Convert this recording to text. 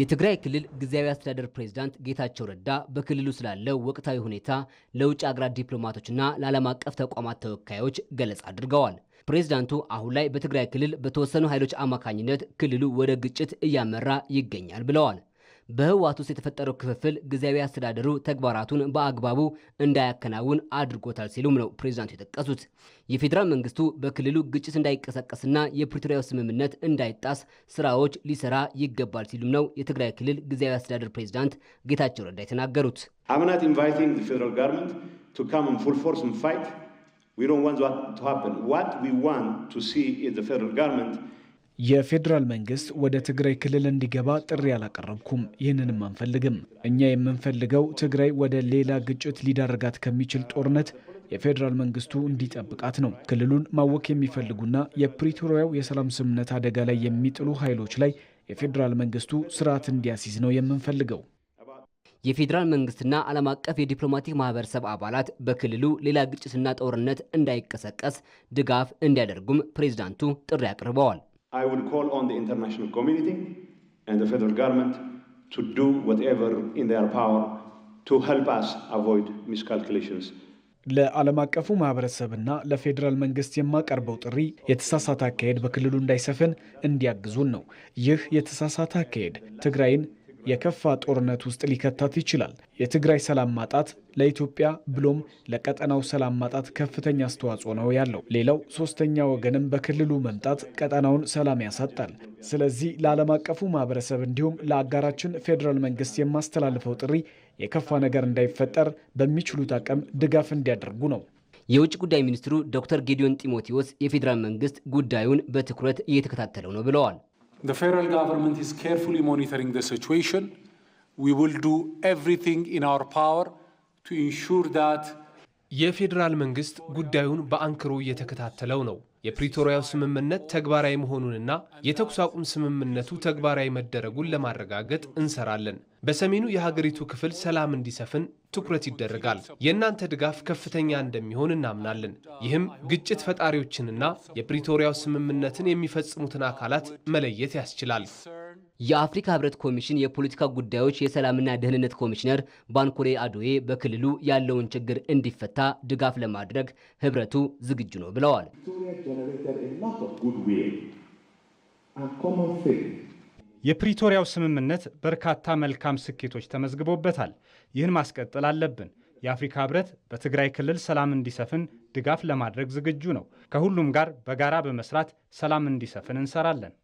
የትግራይ ክልል ጊዜያዊ አስተዳደር ፕሬዝዳንት ጌታቸው ረዳ በክልሉ ስላለው ወቅታዊ ሁኔታ ለውጭ አገራት ዲፕሎማቶችና ለዓለም አቀፍ ተቋማት ተወካዮች ገለጻ አድርገዋል። ፕሬዝዳንቱ አሁን ላይ በትግራይ ክልል በተወሰኑ ኃይሎች አማካኝነት ክልሉ ወደ ግጭት እያመራ ይገኛል ብለዋል። በህወሓት ውስጥ የተፈጠረው ክፍፍል ጊዜያዊ አስተዳደሩ ተግባራቱን በአግባቡ እንዳያከናውን አድርጎታል ሲሉም ነው ፕሬዚዳንቱ የጠቀሱት። የፌዴራል መንግስቱ በክልሉ ግጭት እንዳይቀሰቀስና የፕሪቶሪያው ስምምነት እንዳይጣስ ስራዎች ሊሰራ ይገባል ሲሉም ነው የትግራይ ክልል ጊዜያዊ አስተዳደር ፕሬዚዳንት ጌታቸው ረዳ የተናገሩት። ፌደራል ጋርመንት የፌዴራል መንግስት ወደ ትግራይ ክልል እንዲገባ ጥሪ አላቀረብኩም። ይህንንም አንፈልግም። እኛ የምንፈልገው ትግራይ ወደ ሌላ ግጭት ሊዳረጋት ከሚችል ጦርነት የፌዴራል መንግስቱ እንዲጠብቃት ነው። ክልሉን ማወክ የሚፈልጉና የፕሪቶሪያው የሰላም ስምምነት አደጋ ላይ የሚጥሉ ኃይሎች ላይ የፌዴራል መንግስቱ ስርዓት እንዲያስይዝ ነው የምንፈልገው። የፌዴራል መንግስትና ዓለም አቀፍ የዲፕሎማቲክ ማህበረሰብ አባላት በክልሉ ሌላ ግጭትና ጦርነት እንዳይቀሰቀስ ድጋፍ እንዲያደርጉም ፕሬዚዳንቱ ጥሪ አቅርበዋል። I will call on the international community and the federal government to do whatever in their power to help us avoid miscalculations. ለዓለም አቀፉ ማህበረሰብና ለፌዴራል መንግስት የማቀርበው ጥሪ የተሳሳተ አካሄድ በክልሉ እንዳይሰፍን እንዲያግዙን ነው። ይህ የተሳሳተ አካሄድ ትግራይን የከፋ ጦርነት ውስጥ ሊከታት ይችላል። የትግራይ ሰላም ማጣት ለኢትዮጵያ ብሎም ለቀጠናው ሰላም ማጣት ከፍተኛ አስተዋጽኦ ነው ያለው። ሌላው ሶስተኛ ወገንም በክልሉ መምጣት ቀጠናውን ሰላም ያሳጣል። ስለዚህ ለዓለም አቀፉ ማህበረሰብ እንዲሁም ለአጋራችን ፌዴራል መንግስት የማስተላልፈው ጥሪ የከፋ ነገር እንዳይፈጠር በሚችሉት አቅም ድጋፍ እንዲያደርጉ ነው። የውጭ ጉዳይ ሚኒስትሩ ዶክተር ጌዲዮን ጢሞቴዎስ የፌዴራል መንግስት ጉዳዩን በትኩረት እየተከታተለው ነው ብለዋል። The federal government is carefully monitoring the situation. We will do everything in our power to ensure that የፌዴራል መንግስት ጉዳዩን በአንክሮ እየተከታተለው ነው። የፕሪቶሪያው ስምምነት ተግባራዊ መሆኑንና የተኩስ አቁም ስምምነቱ ተግባራዊ መደረጉን ለማረጋገጥ እንሰራለን። በሰሜኑ የሀገሪቱ ክፍል ሰላም እንዲሰፍን ትኩረት ይደረጋል። የእናንተ ድጋፍ ከፍተኛ እንደሚሆን እናምናለን። ይህም ግጭት ፈጣሪዎችንና የፕሪቶሪያው ስምምነትን የሚፈጽሙትን አካላት መለየት ያስችላል። የአፍሪካ ህብረት ኮሚሽን የፖለቲካ ጉዳዮች የሰላምና ደህንነት ኮሚሽነር ባንኮሌ አዶዌ በክልሉ ያለውን ችግር እንዲፈታ ድጋፍ ለማድረግ ህብረቱ ዝግጁ ነው ብለዋል። የፕሪቶሪያው ስምምነት በርካታ መልካም ስኬቶች ተመዝግቦበታል። ይህን ማስቀጠል አለብን። የአፍሪካ ህብረት በትግራይ ክልል ሰላም እንዲሰፍን ድጋፍ ለማድረግ ዝግጁ ነው። ከሁሉም ጋር በጋራ በመስራት ሰላም እንዲሰፍን እንሰራለን።